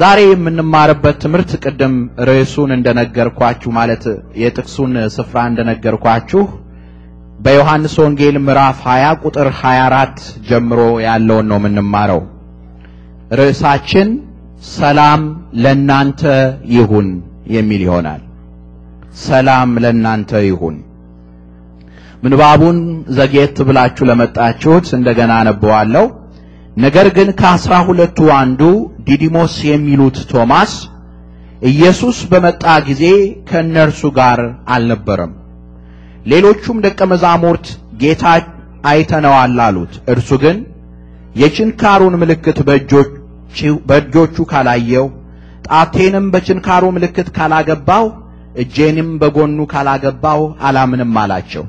ዛሬ የምንማርበት ትምህርት ቅድም ርዕሱን እንደነገርኳችሁ ማለት የጥቅሱን ስፍራ እንደነገርኳችሁ በዮሐንስ ወንጌል ምዕራፍ 20 ቁጥር 24 ጀምሮ ያለውን ነው የምንማረው። ርዕሳችን ሰላም ለናንተ ይሁን የሚል ይሆናል። ሰላም ለናንተ ይሁን። ምንባቡን ዘግየት ብላችሁ ለመጣችሁት እንደገና አነበዋለሁ። ነገር ግን ከአስራ ሁለቱ አንዱ ዲዲሞስ የሚሉት ቶማስ ኢየሱስ በመጣ ጊዜ ከእነርሱ ጋር አልነበረም። ሌሎቹም ደቀ መዛሙርት ጌታ አይተነዋል አሉት። እርሱ ግን የችንካሩን ምልክት በእጆቹ ካላየው፣ ጣቴንም በችንካሩ ምልክት ካላገባው፣ እጄንም በጎኑ ካላገባው አላምንም አላቸው።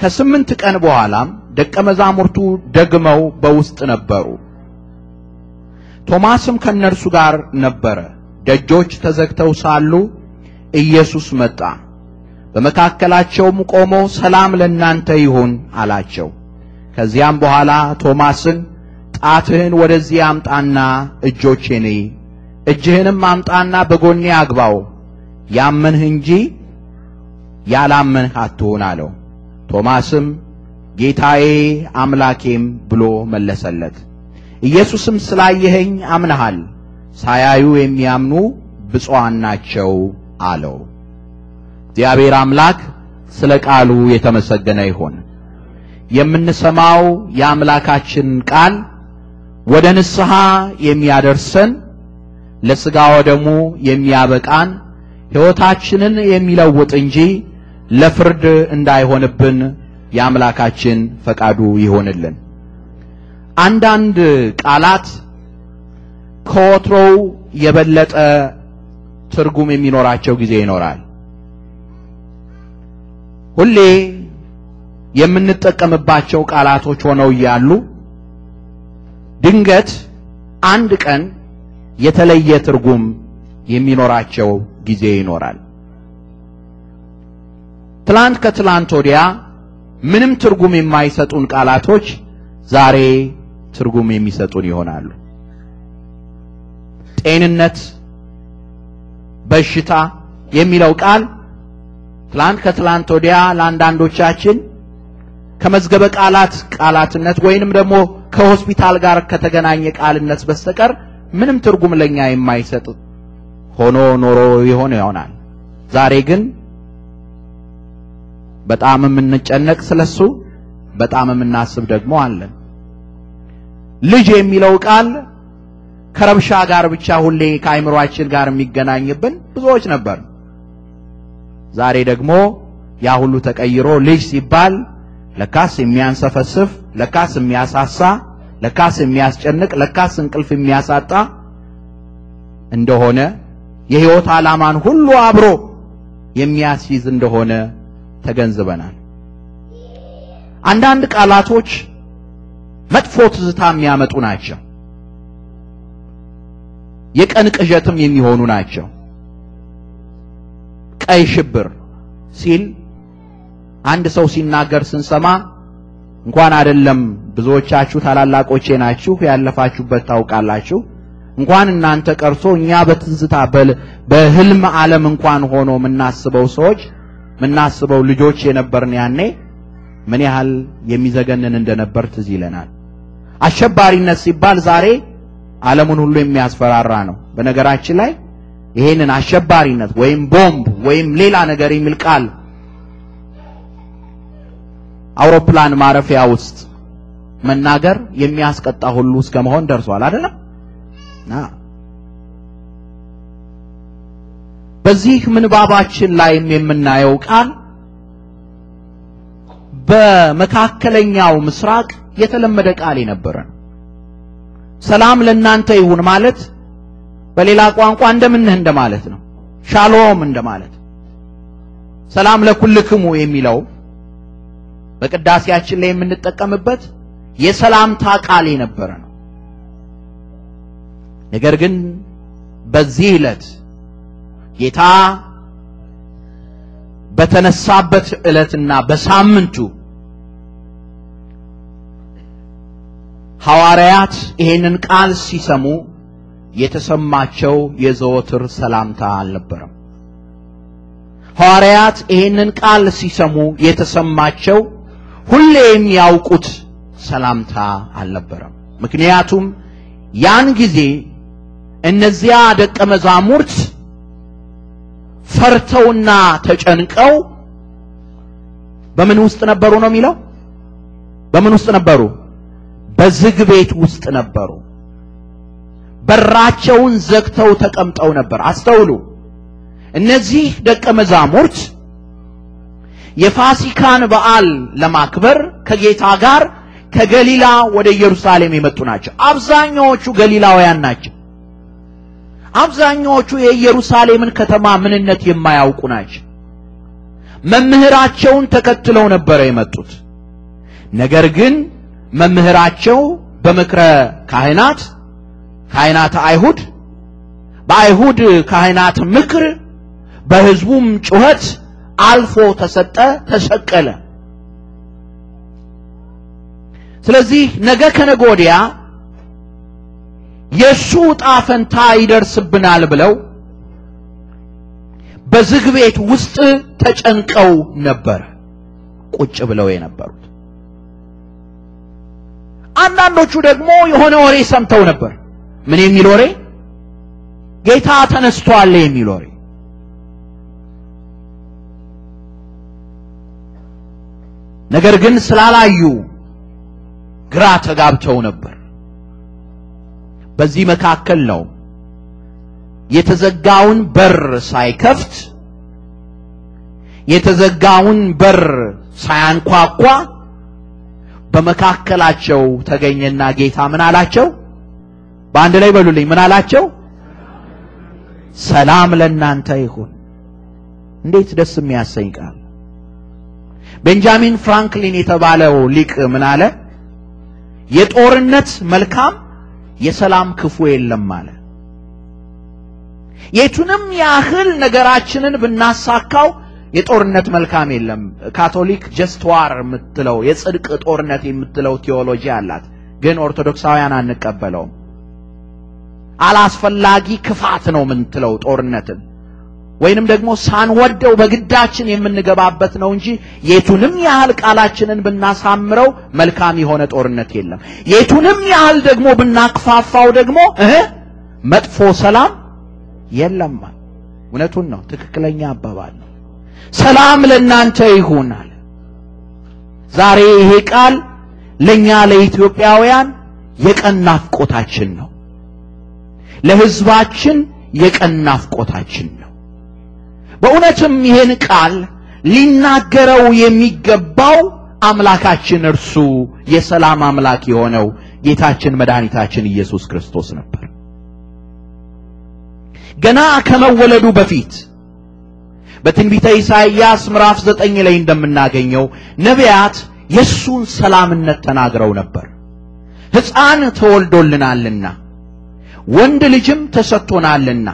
ከስምንት ቀን በኋላም ደቀ መዛሙርቱ ደግመው በውስጥ ነበሩ። ቶማስም ከነርሱ ጋር ነበረ። ደጆች ተዘግተው ሳሉ ኢየሱስ መጣ፣ በመካከላቸውም ቆሞ ሰላም ለእናንተ ይሁን አላቸው። ከዚያም በኋላ ቶማስን ጣትህን ወደዚህ አምጣና እጆቼን እይ፣ እጅህንም አምጣና በጎኔ አግባው፣ ያመንህ እንጂ ያላመንህ አትሁን አለው። ቶማስም ጌታዬ አምላኬም ብሎ መለሰለት። ኢየሱስም ስላየኸኝ አምነሃል፣ ሳያዩ የሚያምኑ ብፁዓን ናቸው አለው። እግዚአብሔር አምላክ ስለ ቃሉ የተመሰገነ ይሆን። የምንሰማው የአምላካችን ቃል ወደ ንስሐ የሚያደርሰን ለሥጋ ወደሙ የሚያበቃን ሕይወታችንን የሚለውጥ እንጂ ለፍርድ እንዳይሆንብን የአምላካችን ፈቃዱ ይሆንልን። አንዳንድ ቃላት ከወትሮው የበለጠ ትርጉም የሚኖራቸው ጊዜ ይኖራል። ሁሌ የምንጠቀምባቸው ቃላቶች ሆነው እያሉ ድንገት አንድ ቀን የተለየ ትርጉም የሚኖራቸው ጊዜ ይኖራል። ትላንት ከትላንት ወዲያ ምንም ትርጉም የማይሰጡን ቃላቶች ዛሬ ትርጉም የሚሰጡን ይሆናሉ። ጤንነት፣ በሽታ የሚለው ቃል ትላንት ከትላንት ወዲያ ለአንዳንዶቻችን ከመዝገበ ቃላት ቃላትነት ወይንም ደግሞ ከሆስፒታል ጋር ከተገናኘ ቃልነት በስተቀር ምንም ትርጉም ለኛ የማይሰጥ ሆኖ ኖሮ ይሆን ይሆናል። ዛሬ ግን በጣም የምንጨነቅ ስለሱ በጣም የምናስብ ደግሞ አለን። ልጅ የሚለው ቃል ከረብሻ ጋር ብቻ ሁሌ ከአይምሯችን ጋር የሚገናኝብን ብዙዎች ነበር። ዛሬ ደግሞ ያ ሁሉ ተቀይሮ ልጅ ሲባል ለካስ የሚያንሰፈስፍ፣ ለካስ የሚያሳሳ፣ ለካስ የሚያስጨንቅ፣ ለካስ እንቅልፍ የሚያሳጣ እንደሆነ የህይወት ዓላማን ሁሉ አብሮ የሚያስይዝ እንደሆነ ተገንዝበናል። አንዳንድ ቃላቶች መጥፎ ትዝታ የሚያመጡ ናቸው። የቀን ቅዠትም የሚሆኑ ናቸው። ቀይ ሽብር ሲል አንድ ሰው ሲናገር ስንሰማ እንኳን አይደለም ብዙዎቻችሁ ታላላቆቼ ናችሁ፣ ያለፋችሁበት ታውቃላችሁ። እንኳን እናንተ ቀርቶ እኛ በትዝታ በህልም ዓለም እንኳን ሆኖ የምናስበው ሰዎች የምናስበው ልጆች የነበርን ያኔ ምን ያህል የሚዘገንን እንደነበር ትዝ ይለናል። አሸባሪነት ሲባል ዛሬ ዓለሙን ሁሉ የሚያስፈራራ ነው። በነገራችን ላይ ይሄንን አሸባሪነት ወይም ቦምብ ወይም ሌላ ነገር የሚል ቃል አውሮፕላን ማረፊያ ውስጥ መናገር የሚያስቀጣ ሁሉ እስከ መሆን ደርሷል አይደለም? በዚህ ምንባባችን ላይም የምናየው ቃል በመካከለኛው ምስራቅ የተለመደ ቃል የነበረ ነው። ሰላም ለእናንተ ይሁን ማለት በሌላ ቋንቋ እንደምንህ እንደማለት ነው። ሻሎም እንደማለት ሰላም ለኩልክሙ የሚለው በቅዳሴያችን ላይ የምንጠቀምበት የሰላምታ ቃል የነበረ ነው። ነገር ግን በዚህ ዕለት ጌታ በተነሳበት ዕለትና በሳምንቱ ሐዋርያት ይሄንን ቃል ሲሰሙ የተሰማቸው የዘወትር ሰላምታ አልነበረም። ሐዋርያት ይሄንን ቃል ሲሰሙ የተሰማቸው ሁሌም ያውቁት ሰላምታ አልነበረም። ምክንያቱም ያን ጊዜ እነዚያ ደቀ መዛሙርት ፈርተውና ተጨንቀው በምን ውስጥ ነበሩ ነው የሚለው? በምን ውስጥ ነበሩ? በዝግ ቤት ውስጥ ነበሩ። በራቸውን ዘግተው ተቀምጠው ነበር። አስተውሉ። እነዚህ ደቀ መዛሙርት የፋሲካን በዓል ለማክበር ከጌታ ጋር ከገሊላ ወደ ኢየሩሳሌም የመጡ ናቸው። አብዛኛዎቹ ገሊላውያን ናቸው። አብዛኛዎቹ የኢየሩሳሌምን ከተማ ምንነት የማያውቁ ናቸው። መምህራቸውን ተከትለው ነበረ የመጡት። ነገር ግን መምህራቸው በምክረ ካህናት ካህናት አይሁድ በአይሁድ ካህናት ምክር በሕዝቡም ጩኸት አልፎ ተሰጠ፣ ተሰቀለ። ስለዚህ ነገ ከነገ ወዲያ የእሱ ዕጣ ፈንታ ይደርስብናል ብለው በዝግ ቤት ውስጥ ተጨንቀው ነበር ቁጭ ብለው የነበሩት። አንዳንዶቹ ደግሞ የሆነ ወሬ ሰምተው ነበር። ምን የሚል ወሬ? ጌታ ተነስቷል የሚል ወሬ። ነገር ግን ስላላዩ ግራ ተጋብተው ነበር። በዚህ መካከል ነው የተዘጋውን በር ሳይከፍት የተዘጋውን በር ሳያንኳኳ በመካከላቸው ተገኘና ጌታ ምን አላቸው? በአንድ ላይ በሉልኝ። ምን አላቸው? ሰላም ለእናንተ ይሁን። እንዴት ደስ የሚያሰኝ ቃል! ቤንጃሚን ፍራንክሊን የተባለው ሊቅ ምን አለ? የጦርነት መልካም የሰላም ክፉ የለም አለ። የቱንም ያህል ነገራችንን ብናሳካው የጦርነት መልካም የለም። ካቶሊክ ጀስትዋር የምትለው የጽድቅ ጦርነት የምትለው ቴዎሎጂ አላት፣ ግን ኦርቶዶክሳውያን አንቀበለውም። አላስፈላጊ ክፋት ነው የምትለው ጦርነትን ወይንም ደግሞ ሳንወደው በግዳችን የምንገባበት ነው እንጂ የቱንም ያህል ቃላችንን ብናሳምረው መልካም የሆነ ጦርነት የለም። የቱንም ያህል ደግሞ ብናክፋፋው ደግሞ እህ መጥፎ ሰላም የለም። እውነቱን ነው። ትክክለኛ አባባል ነው። ሰላም ለእናንተ ይሁናል። ዛሬ ይሄ ቃል ለኛ ለኢትዮጵያውያን የቀን ናፍቆታችን ነው። ለህዝባችን የቀን ናፍቆታችን ነው። በእውነትም ይህን ቃል ሊናገረው የሚገባው አምላካችን እርሱ የሰላም አምላክ የሆነው ጌታችን መድኃኒታችን ኢየሱስ ክርስቶስ ነበር። ገና ከመወለዱ በፊት በትንቢተ ኢሳይያስ ምዕራፍ ዘጠኝ ላይ እንደምናገኘው ነቢያት የእሱን ሰላምነት ተናግረው ነበር። ሕፃን ተወልዶልናልና ወንድ ልጅም ተሰጥቶናልና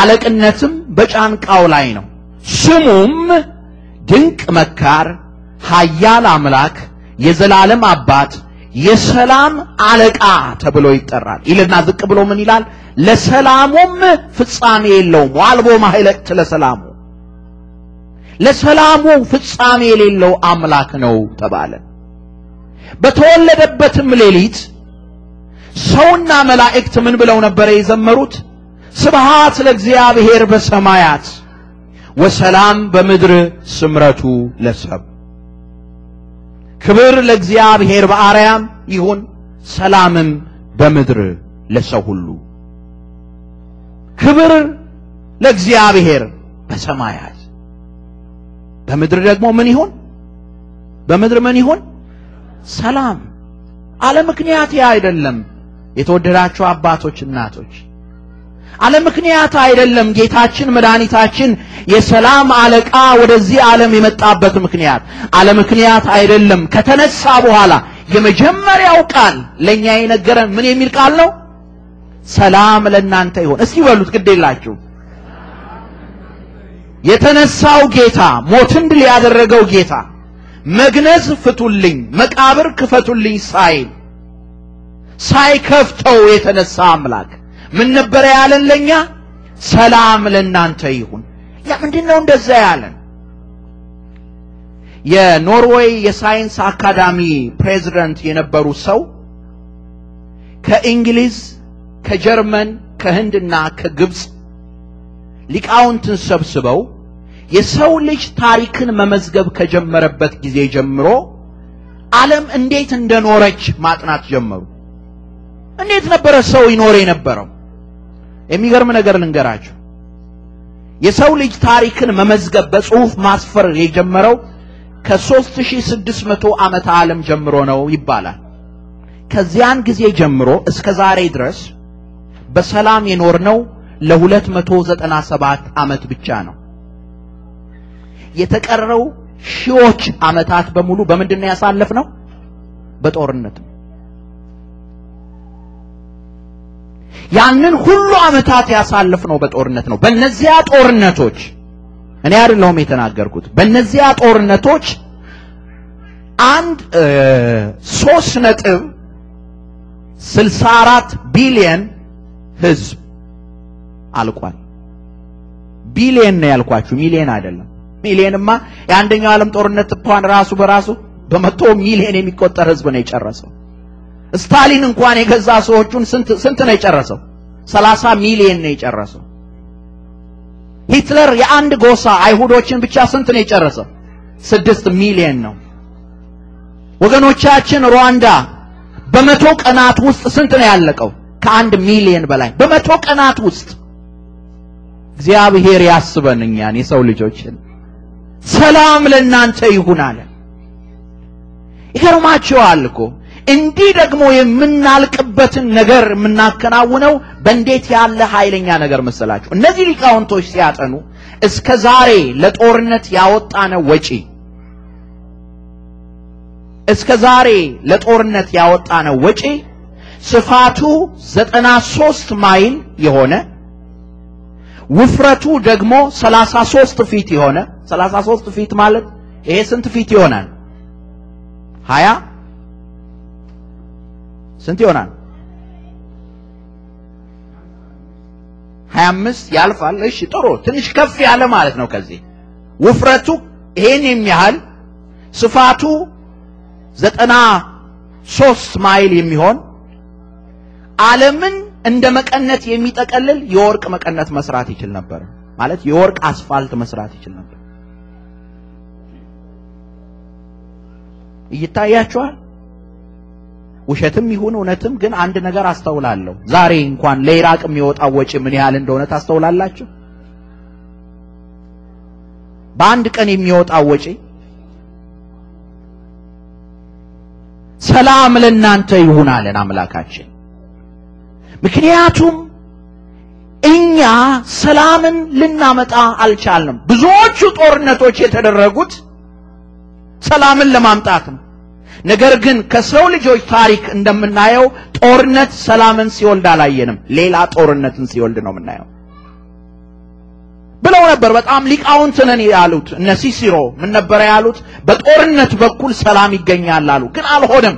አለቅነትም በጫንቃው ላይ ነው። ስሙም ድንቅ መካር፣ ኃያል አምላክ፣ የዘላለም አባት፣ የሰላም አለቃ ተብሎ ይጠራል ይልና ዝቅ ብሎ ምን ይላል? ለሰላሙም ፍጻሜ የለውም ዋልቦ ማኅለቅት ለሰላሙ ለሰላሙ ፍጻሜ የሌለው አምላክ ነው ተባለ። በተወለደበትም ሌሊት ሰውና መላእክት ምን ብለው ነበር የዘመሩት? ስብሃት ለእግዚአብሔር በሰማያት ወሰላም በምድር ስምረቱ ለሰብ ክብር ለእግዚአብሔር በአርያም ይሁን ሰላምም በምድር ለሰው ሁሉ ክብር ለእግዚአብሔር በሰማያት በምድር ደግሞ ምን ይሁን በምድር ምን ይሁን ሰላም አለ ምክንያት ያ አይደለም የተወደዳቸው አባቶች እናቶች አለ ምክንያት አይደለም። ጌታችን መድኃኒታችን የሰላም አለቃ ወደዚህ ዓለም የመጣበት ምክንያት አለ ምክንያት አይደለም። ከተነሳ በኋላ የመጀመሪያው ቃል ለኛ የነገረን ምን የሚል ቃል ነው? ሰላም ለእናንተ ይሆን። እስቲ በሉት፣ ግዴላችሁ። የተነሳው ጌታ ሞትን ድል ያደረገው ጌታ መግነዝ ፍቱልኝ፣ መቃብር ክፈቱልኝ ሳይል ሳይከፍተው የተነሳ አምላክ ምን ነበረ ያለን ለኛ ሰላም ለእናንተ ይሁን ያ ነው እንደዛ ያለን የኖርዌይ የሳይንስ አካዳሚ ፕሬዝዳንት የነበሩ ሰው ከእንግሊዝ ከጀርመን ከህንድና ከግብፅ ሊቃውንትን ሰብስበው የሰው ልጅ ታሪክን መመዝገብ ከጀመረበት ጊዜ ጀምሮ ዓለም እንዴት እንደኖረች ማጥናት ጀመሩ። እንዴት ነበረ ሰው ይኖር የነበረው? የሚገርም ነገር ልንገራችሁ። የሰው ልጅ ታሪክን መመዝገብ በጽሁፍ ማስፈር የጀመረው ከ3600 ዓመተ ዓለም ጀምሮ ነው ይባላል። ከዚያን ጊዜ ጀምሮ እስከ ዛሬ ድረስ በሰላም የኖርነው ለ297 ዓመት ብቻ ነው። የተቀረው ሺዎች ዓመታት በሙሉ በምንድን ነው ያሳለፍነው? በጦርነት ያንን ሁሉ ዓመታት ያሳልፍ ነው በጦርነት ነው። በነዚያ ጦርነቶች እኔ አይደለሁም የተናገርኩት። በነዚያ ጦርነቶች አንድ ሶስት ነጥብ ስልሳ አራት ቢሊየን ህዝብ አልቋል። ቢሊየን ነው ያልኳችሁ፣ ሚሊየን አይደለም። ሚሊየንማ የአንደኛው ዓለም ጦርነት እንኳን ራሱ በራሱ በመቶ ሚሊየን የሚቆጠር ህዝብ ነው የጨረሰው። ስታሊን እንኳን የገዛ ሰዎቹን ስንት ስንት ነው የጨረሰው? ሰላሳ ሚሊየን ነው የጨረሰው። ሂትለር የአንድ ጎሳ አይሁዶችን ብቻ ስንት ነው የጨረሰው? ስድስት ሚሊየን ነው። ወገኖቻችን ሩዋንዳ በመቶ ቀናት ውስጥ ስንት ነው ያለቀው? ከአንድ ሚሊየን በላይ በመቶ ቀናት ውስጥ። እግዚአብሔር ያስበን እኛን የሰው ልጆችን። ሰላም ለእናንተ ይሁን አለ። ይገርማችኋል እኮ እንዲህ ደግሞ የምናልቅበትን ነገር የምናከናውነው በእንዴት ያለ ኃይለኛ ነገር መሰላችሁ? እነዚህ ሊቃውንቶች ሲያጠኑ እስከ ዛሬ ለጦርነት ያወጣነው ወጪ እስከ ዛሬ ለጦርነት ያወጣነው ወጪ ስፋቱ 93 ማይል የሆነ ውፍረቱ ደግሞ 33 ፊት የሆነ 33 ፊት ማለት ይሄ ስንት ፊት ይሆናል? ሀያ ስንት ይሆናል? ሀያ አምስት ያልፋል። እሺ ጥሩ፣ ትንሽ ከፍ ያለ ማለት ነው። ከዚህ ውፍረቱ ይሄን የሚያህል ስፋቱ ዘጠና ሶስት ማይል የሚሆን ዓለምን እንደ መቀነት የሚጠቀልል የወርቅ መቀነት መስራት ይችል ነበር። ማለት የወርቅ አስፋልት መስራት ይችል ነበር። ይታያችኋል። ውሸትም ይሁን እውነትም ግን አንድ ነገር አስተውላለሁ። ዛሬ እንኳን ለኢራቅ የሚወጣው ወጪ ምን ያህል እንደሆነ ታስተውላላችሁ? በአንድ ቀን የሚወጣው ወጪ ሰላም ለእናንተ ይሁን አለን አምላካችን። ምክንያቱም እኛ ሰላምን ልናመጣ አልቻልንም። ብዙዎቹ ጦርነቶች የተደረጉት ሰላምን ለማምጣት ነው። ነገር ግን ከሰው ልጆች ታሪክ እንደምናየው ጦርነት ሰላምን ሲወልድ አላየንም። ሌላ ጦርነትን ሲወልድ ነው የምናየው ብለው ነበር። በጣም ሊቃውንት ነን ያሉት እነ ሲሲሮ ምን ነበረ ያሉት? በጦርነት በኩል ሰላም ይገኛል አሉ። ግን አልሆነም።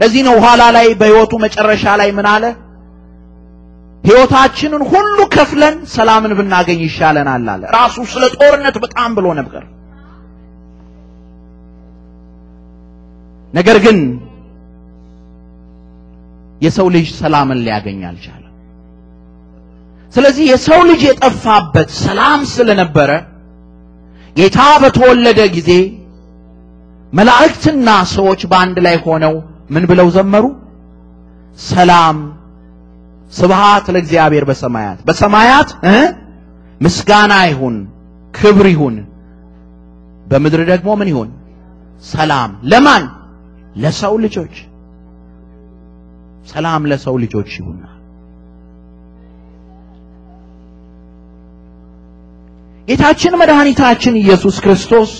ለዚህ ነው ኋላ ላይ በሕይወቱ መጨረሻ ላይ ምን አለ? ሕይወታችንን ሁሉ ከፍለን ሰላምን ብናገኝ ይሻለናል አለ። ራሱ ስለ ጦርነት በጣም ብሎ ነበር። ነገር ግን የሰው ልጅ ሰላምን ሊያገኝ አልቻለም። ስለዚህ የሰው ልጅ የጠፋበት ሰላም ስለነበረ ጌታ በተወለደ ጊዜ መላእክትና ሰዎች በአንድ ላይ ሆነው ምን ብለው ዘመሩ? ሰላም ስብሃት ለእግዚአብሔር በሰማያት በሰማያት ምስጋና ይሁን፣ ክብር ይሁን፣ በምድር ደግሞ ምን ይሁን? ሰላም ለማን ለሰው ልጆች ሰላም ለሰው ልጆች ይሁና። ጌታችን መድኃኒታችን ኢየሱስ ክርስቶስ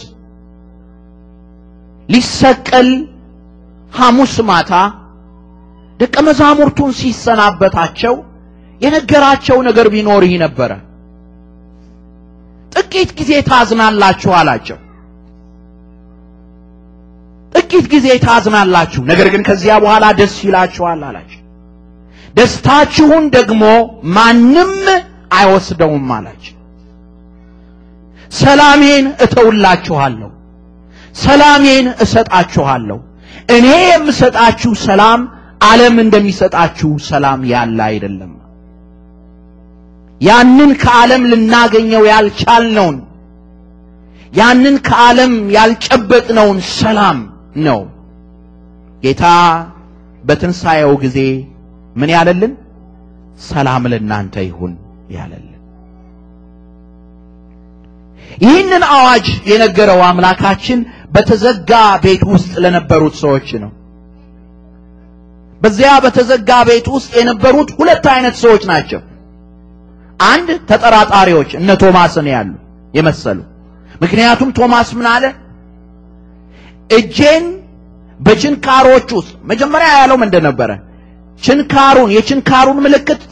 ሊሰቀል ሐሙስ ማታ ደቀ መዛሙርቱን ሲሰናበታቸው የነገራቸው ነገር ቢኖር ይህ ነበረ። ጥቂት ጊዜ ታዝናላችሁ አላቸው። ጥቂት ጊዜ ታዝናላችሁ፣ ነገር ግን ከዚያ በኋላ ደስ ይላችኋል አላቸው። ደስታችሁን ደግሞ ማንም አይወስደውም አላቸው። ሰላሜን እተውላችኋለሁ፣ ሰላሜን እሰጣችኋለሁ። እኔ የምሰጣችሁ ሰላም ዓለም እንደሚሰጣችሁ ሰላም ያለ አይደለም። ያንን ከዓለም ልናገኘው ያልቻልነውን ያንን ከዓለም ያልጨበጥነውን ሰላም ነው። ጌታ በትንሣኤው ጊዜ ምን ያለልን? ሰላም ለእናንተ ይሁን ያለልን። ይህንን አዋጅ የነገረው አምላካችን በተዘጋ ቤት ውስጥ ለነበሩት ሰዎች ነው። በዚያ በተዘጋ ቤት ውስጥ የነበሩት ሁለት አይነት ሰዎች ናቸው። አንድ ተጠራጣሪዎች እነ ቶማስን ያሉ የመሰሉ ምክንያቱም ቶማስ ምን አለ? እጄን በችንካሮች ውስጥ መጀመሪያ ያለው ምንድን ነበረ? ችንካሩን የችንካሩን ምልክት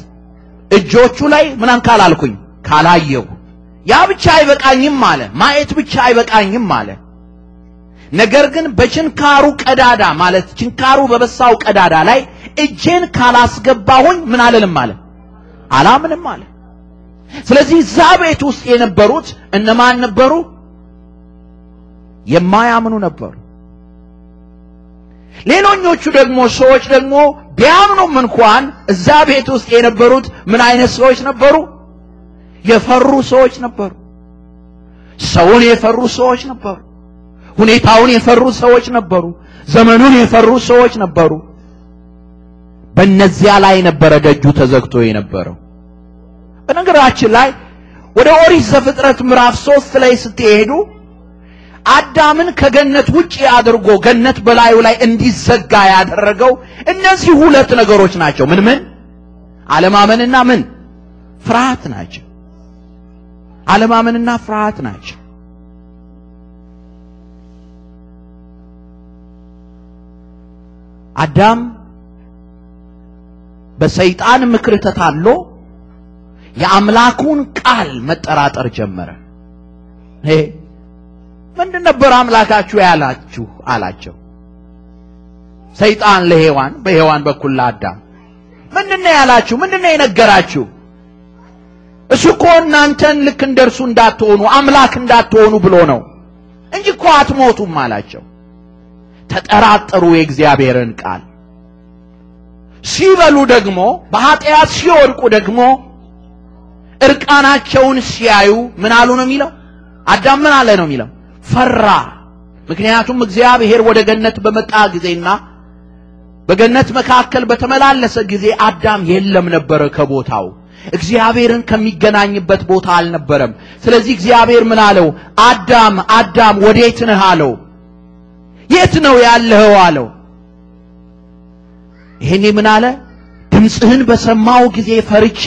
እጆቹ ላይ ምናን ካላልኩኝ ካላየው ያ ብቻ አይበቃኝም አለ። ማየት ብቻ አይበቃኝም አለ። ነገር ግን በችንካሩ ቀዳዳ ማለት ችንካሩ በበሳው ቀዳዳ ላይ እጄን ካላስገባሁኝ ምን አልልም አለ፣ አላምንም አለ። ስለዚህ እዛ ቤት ውስጥ የነበሩት እነማን ነበሩ? የማያምኑ ነበሩ። ሌሎኞቹ ደግሞ ሰዎች ደግሞ ቢያምኑም እንኳን እዛ ቤት ውስጥ የነበሩት ምን አይነት ሰዎች ነበሩ? የፈሩ ሰዎች ነበሩ። ሰውን የፈሩ ሰዎች ነበሩ። ሁኔታውን የፈሩ ሰዎች ነበሩ። ዘመኑን የፈሩ ሰዎች ነበሩ። በእነዚያ ላይ ነበረ ደጁ ተዘግቶ የነበረው። በነገራችን ላይ ወደ ኦሪት ዘፍጥረት ምዕራፍ ሶስት ላይ ስትሄዱ አዳምን ከገነት ውጪ አድርጎ ገነት በላዩ ላይ እንዲዘጋ ያደረገው እነዚህ ሁለት ነገሮች ናቸው። ምን ምን? አለማመንና ምን ፍርሃት ናቸው። አለማመንና ፍርሃት ናቸው። አዳም በሰይጣን ምክር ተታሎ የአምላኩን ቃል መጠራጠር ጀመረ። ምንድን ነበር አምላካችሁ ያላችሁ አላቸው ሰይጣን ለሔዋን በሔዋን በኩል ለአዳም ምንድን ያላችሁ ምንድነው የነገራችሁ እሱ እኮ እናንተን ልክ እንደ እርሱ እንዳትሆኑ አምላክ እንዳትሆኑ ብሎ ነው እንጂ እኮ አትሞቱም አላቸው ተጠራጠሩ የእግዚአብሔርን ቃል ሲበሉ ደግሞ በኃጢአት ሲወድቁ ደግሞ እርቃናቸውን ሲያዩ ምን አሉ ነው የሚለው አዳም ምን አለ ነው የሚለው ፈራ። ምክንያቱም እግዚአብሔር ወደ ገነት በመጣ ጊዜና በገነት መካከል በተመላለሰ ጊዜ አዳም የለም ነበረ ከቦታው እግዚአብሔርን ከሚገናኝበት ቦታ አልነበረም። ስለዚህ እግዚአብሔር ምን አለው? አዳም አዳም ወዴት ነህ አለው። የት ነው ያለኸው አለው። ይሄኔ ምን አለ? ድምፅህን በሰማው ጊዜ ፈርቼ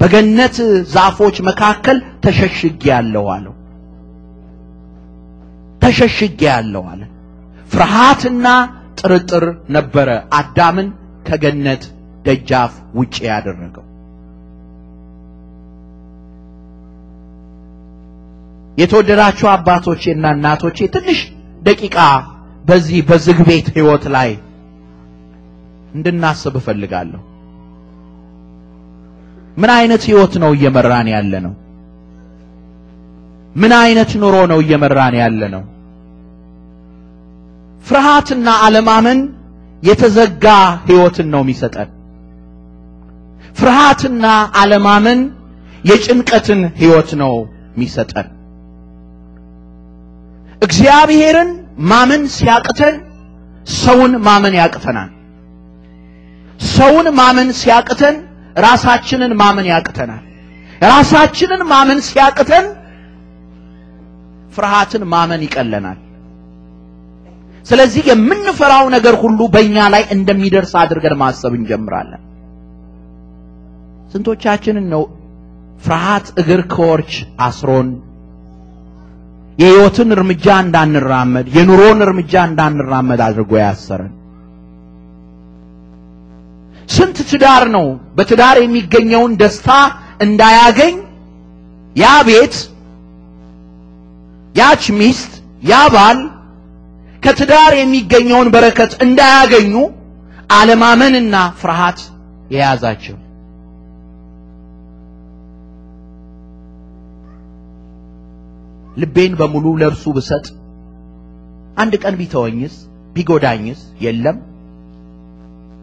በገነት ዛፎች መካከል ተሸሽጌ ያለው አለው። ተሸሽጌ ያለው አለ። ፍርሃትና ጥርጥር ነበረ አዳምን ከገነት ደጃፍ ውጪ ያደረገው። የተወደዳችሁ አባቶቼና እናቶቼ ትንሽ ደቂቃ በዚህ በዝግ ቤት ህይወት ላይ እንድናስብ እፈልጋለሁ። ምን አይነት ህይወት ነው እየመራን ያለ ነው? ምን አይነት ኑሮ ነው እየመራን ያለ ነው? ፍርሃትና አለማመን የተዘጋ ህይወትን ነው የሚሰጠን። ፍርሃትና አለማመን የጭንቀትን ህይወት ነው የሚሰጠን። እግዚአብሔርን ማመን ሲያቅተን ሰውን ማመን ያቅተናል። ሰውን ማመን ሲያቅተን ራሳችንን ማመን ያቅተናል። ራሳችንን ማመን ሲያቅተን ፍርሃትን ማመን ይቀለናል። ስለዚህ የምንፈራው ነገር ሁሉ በእኛ ላይ እንደሚደርስ አድርገን ማሰብ እንጀምራለን። ስንቶቻችንን ነው ፍርሃት እግር ከወርች አስሮን የህይወትን እርምጃ እንዳንራመድ የኑሮን እርምጃ እንዳንራመድ አድርጎ ያሰረን? ስንት ትዳር ነው በትዳር የሚገኘውን ደስታ እንዳያገኝ ያ ቤት ያች ሚስት ያ ባል ከትዳር የሚገኘውን በረከት እንዳያገኙ አለማመንና ፍርሃት የያዛቸው። ልቤን በሙሉ ለእርሱ ብሰጥ አንድ ቀን ቢተወኝስ ቢጎዳኝስ? የለም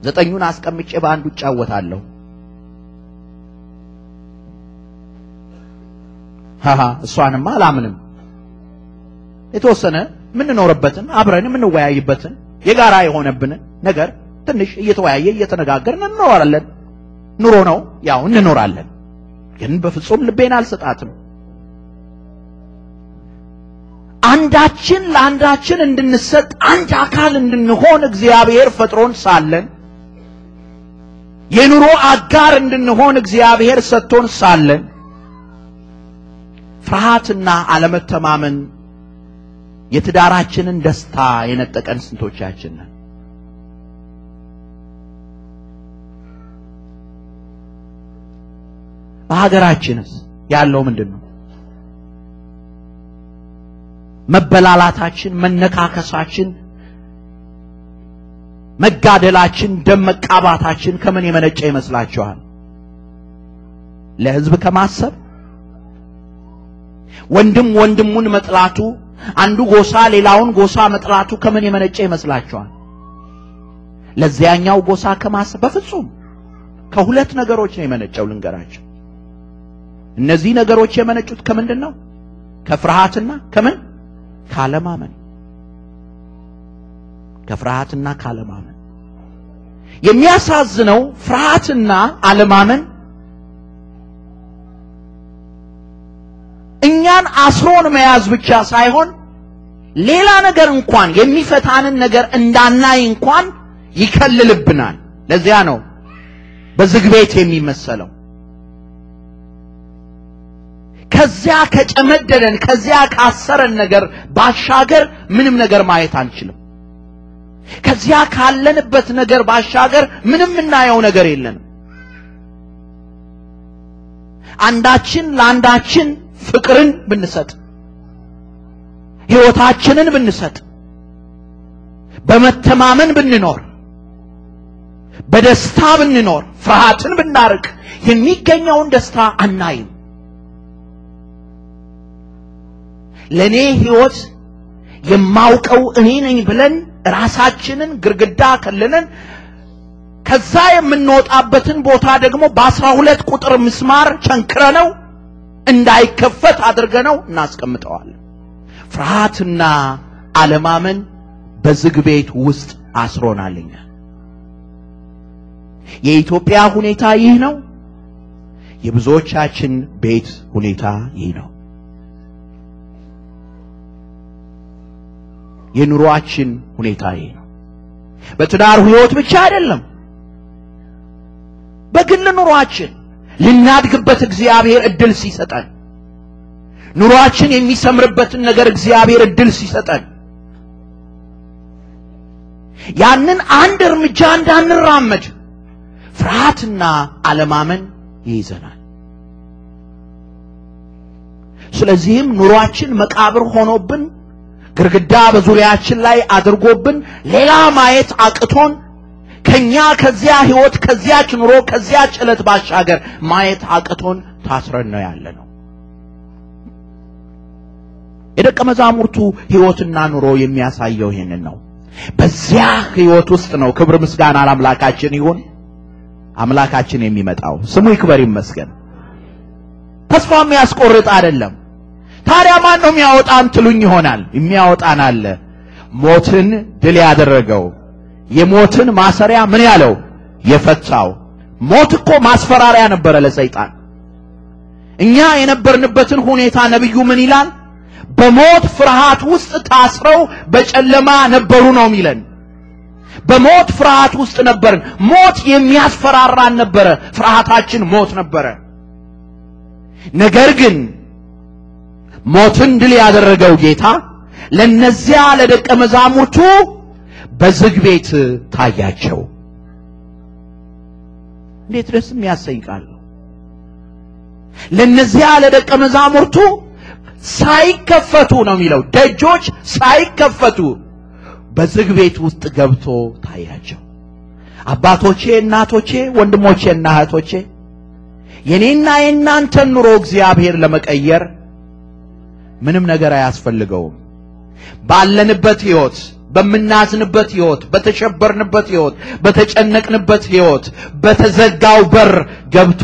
ዘጠኙን አስቀምጬ በአንዱ እጫወታለሁ። ሃሃ እሷንማ አላምንም። የተወሰነ የምንኖርበትን አብረን የምንወያይበትን የጋራ የሆነብንን ነገር ትንሽ እየተወያየ እየተነጋገርን እንኖራለን። ኑሮ ነው፣ ያው እንኖራለን። ግን በፍጹም ልቤን አልሰጣትም። አንዳችን ለአንዳችን እንድንሰጥ አንድ አካል እንድንሆን እግዚአብሔር ፈጥሮን ሳለን የኑሮ አጋር እንድንሆን እግዚአብሔር ሰጥቶን ሳለን ፍርሃትና አለመተማመን የትዳራችንን ደስታ የነጠቀን ስንቶቻችን ነን? በሀገራችንስ ያለው ምንድን ነው? መበላላታችን፣ መነካከሳችን፣ መጋደላችን፣ ደም መቃባታችን ከምን የመነጨ ይመስላችኋል? ለህዝብ ከማሰብ ወንድም ወንድሙን መጥላቱ አንዱ ጎሳ ሌላውን ጎሳ መጥላቱ ከምን የመነጨ ይመስላችኋል? ለዚያኛው ጎሳ ከማስ በፍጹም ከሁለት ነገሮች ነው የመነጨው። ልንገራቸው። እነዚህ ነገሮች የመነጩት ከምንድን ነው? ከፍርሃትና ከምን ካለማመን። ከፍርሃትና ካለማመን። የሚያሳዝነው ፍርሃትና አለማመን ሰይጣን አስሮን መያዝ ብቻ ሳይሆን ሌላ ነገር እንኳን የሚፈታንን ነገር እንዳናይ እንኳን ይከልልብናል። ለዚያ ነው በዝግ ቤት የሚመሰለው። ከዚያ ከጨመደደን ከዚያ ካሰረን ነገር ባሻገር ምንም ነገር ማየት አንችልም። ከዚያ ካለንበት ነገር ባሻገር ምንም እናየው ነገር የለንም። አንዳችን ለአንዳችን ፍቅርን ብንሰጥ፣ ህይወታችንን ብንሰጥ፣ በመተማመን ብንኖር፣ በደስታ ብንኖር፣ ፍርሃትን ብናርቅ የሚገኘውን ደስታ አናይም። ለእኔ ህይወት የማውቀው እኔ ነኝ ብለን ራሳችንን ግርግዳ ከልለን ከዛ የምንወጣበትን ቦታ ደግሞ በአስራ ሁለት ቁጥር ምስማር ቸንክረ ነው እንዳይከፈት አድርገነው እናስቀምጠዋለን። ፍርሃትና አለማመን በዝግ ቤት ውስጥ አስሮናልኛ። የኢትዮጵያ ሁኔታ ይህ ነው። የብዙዎቻችን ቤት ሁኔታ ይህ ነው። የኑሯችን ሁኔታ ይህ ነው። በትዳር ህይወት ብቻ አይደለም፣ በግል ኑሯችን ልናድግበት እግዚአብሔር እድል ሲሰጠን ኑሯችን የሚሰምርበትን ነገር እግዚአብሔር እድል ሲሰጠን ያንን አንድ እርምጃ እንዳንራመድ ፍርሃትና አለማመን ይይዘናል። ስለዚህም ኑሯችን መቃብር ሆኖብን ግርግዳ በዙሪያችን ላይ አድርጎብን ሌላ ማየት አቅቶን ከኛ ከዚያ ህይወት ከዚያች ኑሮ ከዚያች ዕለት ባሻገር ማየት አቅቶን ታስረን ነው ያለ ነው። የደቀ መዛሙርቱ ህይወትና ኑሮ የሚያሳየው ይህንን ነው። በዚያ ህይወት ውስጥ ነው ክብር ምስጋና ለአምላካችን ይሁን። አምላካችን የሚመጣው ስሙ ይክበር ይመስገን። ተስፋ የሚያስቆርጥ አይደለም። ታዲያ ማን ነው የሚያወጣን ትሉኝ ይሆናል። የሚያወጣን አለ ሞትን ድል ያደረገው የሞትን ማሰሪያ ምን ያለው የፈታው። ሞት እኮ ማስፈራሪያ ነበረ ለሰይጣን። እኛ የነበርንበትን ሁኔታ ነብዩ ምን ይላል? በሞት ፍርሃት ውስጥ ታስረው በጨለማ ነበሩ ነው የሚለን። በሞት ፍርሃት ውስጥ ነበርን። ሞት የሚያስፈራራን ነበረ። ፍርሃታችን ሞት ነበረ። ነገር ግን ሞትን ድል ያደረገው ጌታ ለነዚያ ለደቀ መዛሙርቱ በዝግ ቤት ታያቸው። እንዴት ደስ የሚያሰኝ ቃል ነው! ለደቀ መዛሙርቱ ሳይከፈቱ ነው የሚለው፣ ደጆች ሳይከፈቱ በዝግ ቤት ውስጥ ገብቶ ታያቸው። አባቶቼ፣ እናቶቼ፣ ወንድሞቼ እና እህቶቼ የኔና የእናንተን ኑሮ እግዚአብሔር ለመቀየር ምንም ነገር አያስፈልገውም። ባለንበት ሕይወት በምናዝንበት ህይወት፣ በተሸበርንበት ህይወት፣ በተጨነቅንበት ህይወት በተዘጋው በር ገብቶ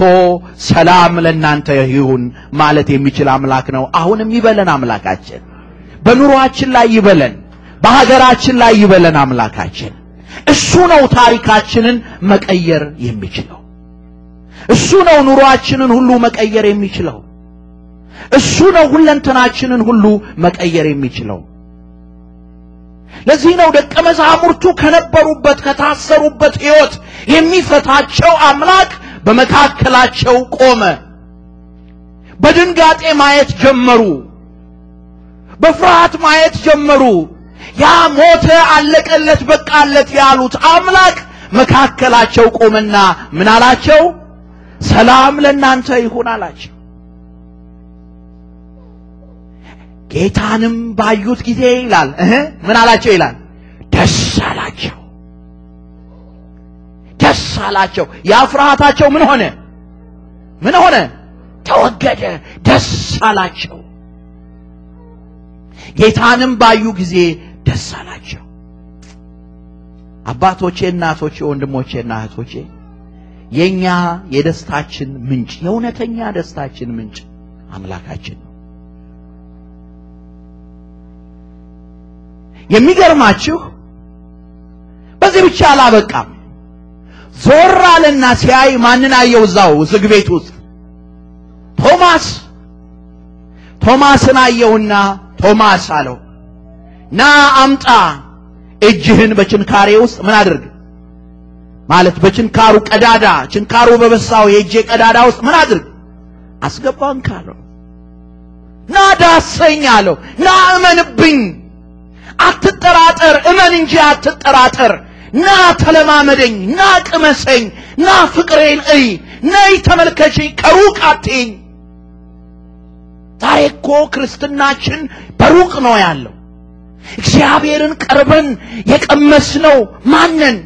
ሰላም ለእናንተ ይሁን ማለት የሚችል አምላክ ነው። አሁንም ይበለን አምላካችን። በኑሯችን ላይ ይበለን፣ በሀገራችን ላይ ይበለን አምላካችን። እሱ ነው ታሪካችንን መቀየር የሚችለው። እሱ ነው ኑሯችንን ሁሉ መቀየር የሚችለው። እሱ ነው ሁለንተናችንን ሁሉ መቀየር የሚችለው። ለዚህ ነው ደቀ መዛሙርቱ ከነበሩበት ከታሰሩበት ሕይወት የሚፈታቸው አምላክ በመካከላቸው ቆመ። በድንጋጤ ማየት ጀመሩ። በፍርሃት ማየት ጀመሩ። ያ ሞተ፣ አለቀለት፣ በቃለት ያሉት አምላክ መካከላቸው ቆመና ምን አላቸው? ሰላም ለእናንተ ይሁን አላቸው። ጌታንም ባዩት ጊዜ ይላል እህ ምን አላቸው ይላል ደስ አላቸው ደስ አላቸው ያ ፍርሃታቸው ምን ሆነ ምን ሆነ ተወገደ ደስ አላቸው ጌታንም ባዩ ጊዜ ደስ አላቸው አባቶቼ እናቶቼ ወንድሞቼ እና እህቶቼ የኛ የደስታችን ምንጭ የእውነተኛ ደስታችን ምንጭ አምላካችን ነው የሚገርማችሁ በዚህ ብቻ አላበቃም። ዞር አለና ሲያይ ማንን አየው? እዛው ዝግ ቤት ውስጥ ቶማስ ቶማስን አየውና ቶማስ አለው፣ ና አምጣ እጅህን በችንካሬ ውስጥ ምን አድርግ ማለት በችንካሩ ቀዳዳ ችንካሩ በበሳው የእጄ ቀዳዳ ውስጥ ምን አድርግ አስገባን ካለው፣ ና ዳሰኝ አለው፣ ና እመንብኝ አትጠራጠር፣ እመን እንጂ አትጠራጠር። ና ተለማመደኝ፣ ና ቅመሰኝ፣ ና ፍቅሬን እይ፣ ነይ ተመልከችኝ፣ ከሩቅ አትይኝ። ዛሬ እኮ ክርስትናችን በሩቅ ነው ያለው። እግዚአብሔርን ቀርበን የቀመስነው ማንን?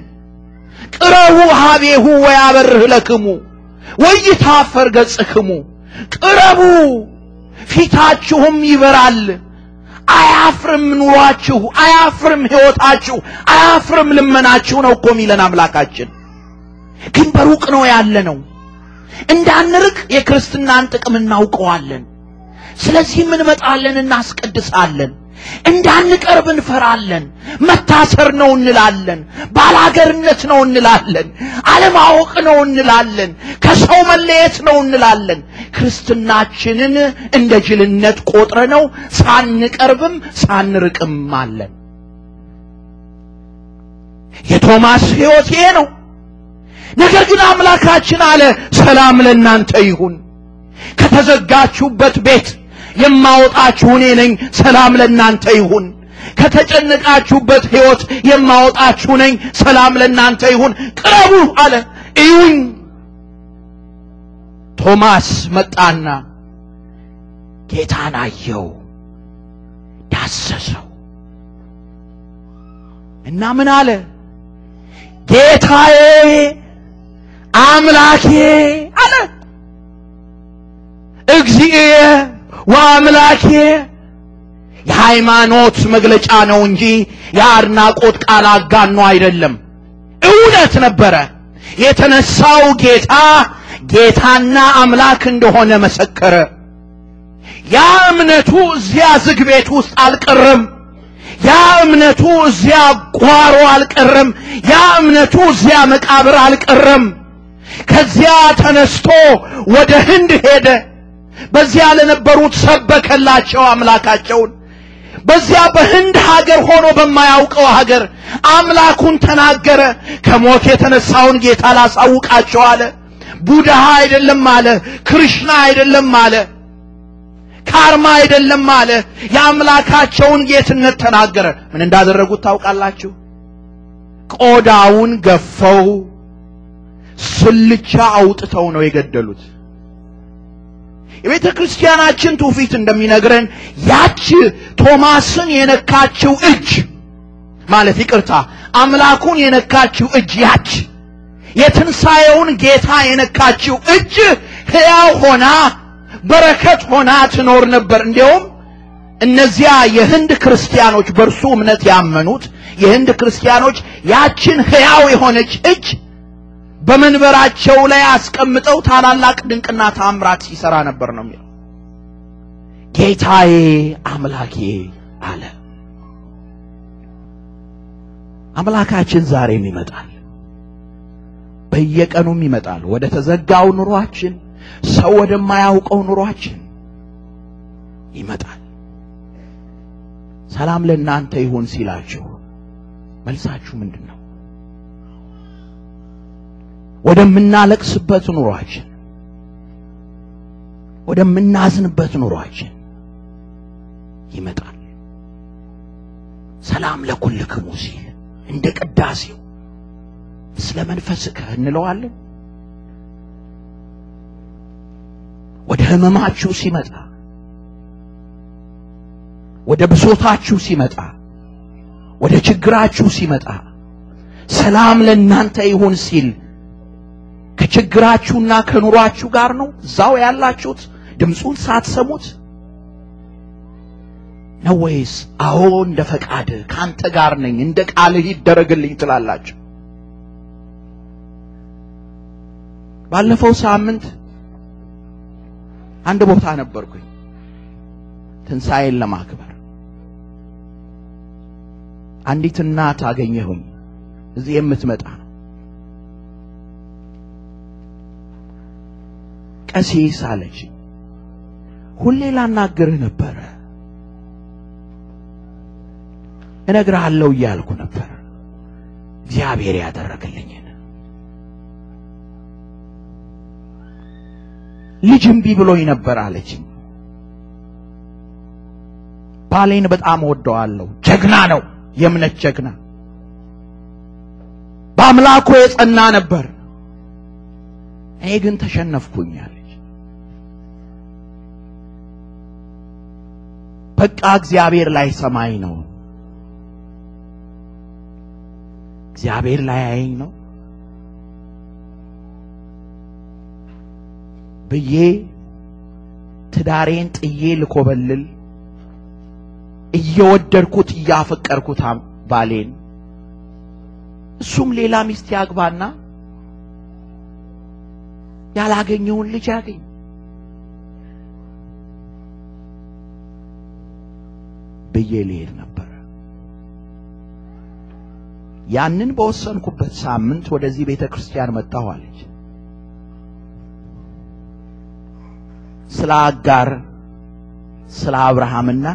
ቅረቡ ሀቤሁ ወያበርህ ለክሙ ወይታፈር ገጽክሙ፣ ቅረቡ ፊታችሁም ይበራል አያፍርም ኑሯችሁ፣ አያፍርም ሕይወታችሁ፣ አያፍርም ልመናችሁ ነው እኮ የሚለን አምላካችን። ግን በሩቅ ነው ያለ ነው። እንዳንርቅ የክርስትናን ጥቅም እናውቀዋለን። ስለዚህ እንመጣለን፣ እናስቀድሳለን። እንዳንቀርብ እንፈራለን። መታሰር ነው እንላለን። ባላገርነት ነው እንላለን። አለማወቅ ነው እንላለን። ከሰው መለየት ነው እንላለን። ክርስትናችንን እንደ ጅልነት ቆጥረ ነው ሳንቀርብም ሳንርቅም አለን። የቶማስ ሕይወት ይሄ ነው። ነገር ግን አምላካችን አለ ሰላም ለእናንተ ይሁን ከተዘጋችሁበት ቤት የማወጣችሁ እኔ ነኝ። ሰላም ለእናንተ ይሁን። ከተጨነቃችሁበት ሕይወት የማወጣችሁ ነኝ። ሰላም ለእናንተ ይሁን። ቅረቡ አለ። እዩኝ። ቶማስ መጣና ጌታን አየው፣ ዳሰሰው እና ምን አለ? ጌታዬ አምላኬ አለ እግዚአብሔር ወአምላኬ የሃይማኖት መግለጫ ነው እንጂ የአድናቆት ቃል አጋኖ አይደለም። እውነት ነበረ። የተነሳው ጌታ ጌታና አምላክ እንደሆነ መሰከረ። ያ እምነቱ እዚያ ዝግ ቤት ውስጥ አልቀረም። ያ እምነቱ እዚያ ጓሮ አልቀረም። ያ እምነቱ እዚያ መቃብር አልቀረም። ከዚያ ተነስቶ ወደ ህንድ ሄደ። በዚያ ለነበሩት ሰበከላቸው አምላካቸውን። በዚያ በህንድ ሀገር ሆኖ በማያውቀው ሀገር አምላኩን ተናገረ። ከሞት የተነሳውን ጌታ ላሳውቃቸው አለ። ቡድሃ አይደለም አለ፣ ክርሽና አይደለም አለ፣ ካርማ አይደለም አለ። የአምላካቸውን ጌትነት ተናገረ። ምን እንዳደረጉት ታውቃላችሁ? ቆዳውን ገፈው ስልቻ አውጥተው ነው የገደሉት። የቤተ ክርስቲያናችን ትውፊት እንደሚነግረን ያች ቶማስን የነካችው እጅ ማለት ይቅርታ፣ አምላኩን የነካችው እጅ ያች የትንሣኤውን ጌታ የነካችው እጅ ሕያው ሆና በረከት ሆና ትኖር ነበር። እንዲሁም እነዚያ የህንድ ክርስቲያኖች በእርሱ እምነት ያመኑት የህንድ ክርስቲያኖች ያችን ሕያው የሆነች እጅ በመንበራቸው ላይ አስቀምጠው ታላላቅ ድንቅና ታምራት ይሰራ ነበር ነው የሚለው። ጌታዬ አምላኬ አለ። አምላካችን ዛሬም ይመጣል፣ በየቀኑም ይመጣል። ወደ ተዘጋው ኑሯችን፣ ሰው ወደማያውቀው ኑሯችን ይመጣል። ሰላም ለእናንተ ይሁን ሲላችሁ መልሳችሁ ምንድን ነው? ودمنا لك سبت نوراج ودمنا زنبت نوراج يمتع سلام لكل كموسي عندك الدازي سلام نفسك ان الوال ودهما ما تشو سيمتع ودبسوطا تشو سيمتع ودشجرا تشو سيمتع سلام لنانتا يهون سيل ከችግራችሁና ከኑሯችሁ ጋር ነው እዛው ያላችሁት? ድምፁን ሳትሰሙት ነው ወይስ አዎ እንደ ፈቃድህ ካንተ ጋር ነኝ እንደ ቃልህ ይደረግልኝ ትላላችሁ? ባለፈው ሳምንት አንድ ቦታ ነበርኩኝ ትንሣኤን ለማክበር አንዲት እናት አገኘሁኝ እዚህ የምትመጣ ቀሲስ አለች። ሁሌ ላናግርህ ነበረ እነግርሃለሁ እያልኩ ነበር። እግዚአብሔር ያደረግልኝን ልጅ እምቢ ብሎኝ ነበር አለችኝ። ባሌን በጣም ወደዋለሁ። ጀግና ነው፣ የእምነት ጀግና በአምላኩ የጸና ነበር። እኔ ግን ተሸነፍኩኛል። በቃ እግዚአብሔር ላይ ሰማይ ነው። እግዚአብሔር ላይ አይኝ ነው ብዬ ትዳሬን ጥዬ ልኮበልል እየወደድኩት እያፈቀርኩት ባሌን እሱም ሌላ ሚስት ያግባና ያላገኘውን ልጅ ያገኝ ብዬ ልሄድ ነበር። ያንን በወሰንኩበት ሳምንት ወደዚህ ቤተ ክርስቲያን መጣሁ አለች። ስለ አጋር፣ ስለ አብርሃምና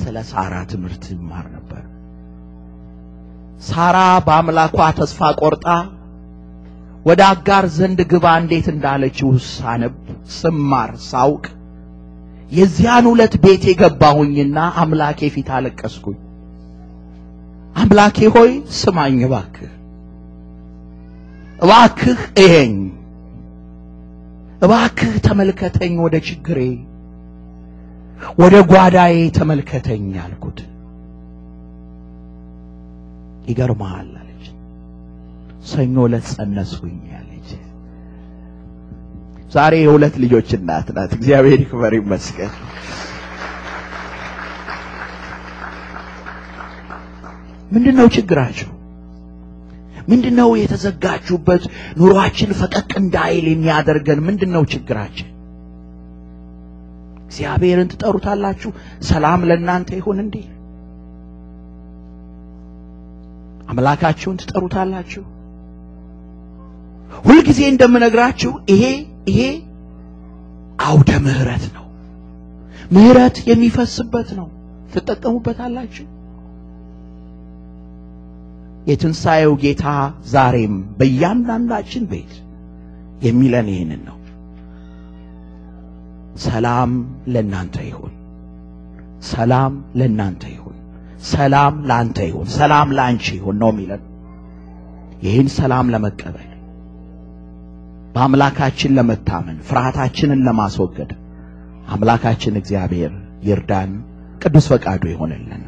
ስለ ሳራ ትምህርት ይማር ነበር። ሳራ በአምላኳ ተስፋ ቆርጣ ወደ አጋር ዘንድ ግባ እንዴት እንዳለችው ሳነብ ስማር ሳውቅ የዚያን ሁለት ቤቴ ገባሁኝና አምላኬ ፊት አለቀስኩኝ። አምላኬ ሆይ ስማኝ እባክህ፣ እባክህ እየኝ፣ እባክህ ተመልከተኝ፣ ወደ ችግሬ፣ ወደ ጓዳዬ ተመልከተኝ አልኩት። ይገርማል አለች። ሰኞ ዕለት ጸነስኩኝ አለ። ዛሬ የሁለት ልጆች እናት ናት። እግዚአብሔር ይክበር ይመስገን። ምንድን ነው ችግራችሁ? ምንድን ነው የተዘጋችሁበት? ኑሯችን ፈቀቅ እንዳይል የሚያደርገን ምንድን ነው ችግራችን? እግዚአብሔርን ትጠሩታላችሁ። ሰላም ለእናንተ ይሁን እንዴ? አምላካችሁን ትጠሩታላችሁ። ሁልጊዜ እንደምነግራችሁ ይሄ ይሄ አውደ ምህረት ነው። ምህረት የሚፈስበት ነው። ትጠቀሙበታላችሁ። የትንሣኤው ጌታ ዛሬም በእያንዳንዳችን ቤት የሚለን ይህንን ነው። ሰላም ለናንተ ይሁን፣ ሰላም ለናንተ ይሁን፣ ሰላም ለአንተ ይሁን፣ ሰላም ለአንቺ ይሁን ነው የሚለን። ይህን ሰላም ለመቀበል በአምላካችን ለመታመን ፍርሃታችንን ለማስወገድ አምላካችን እግዚአብሔር ይርዳን። ቅዱስ ፈቃዱ ይሆንልን።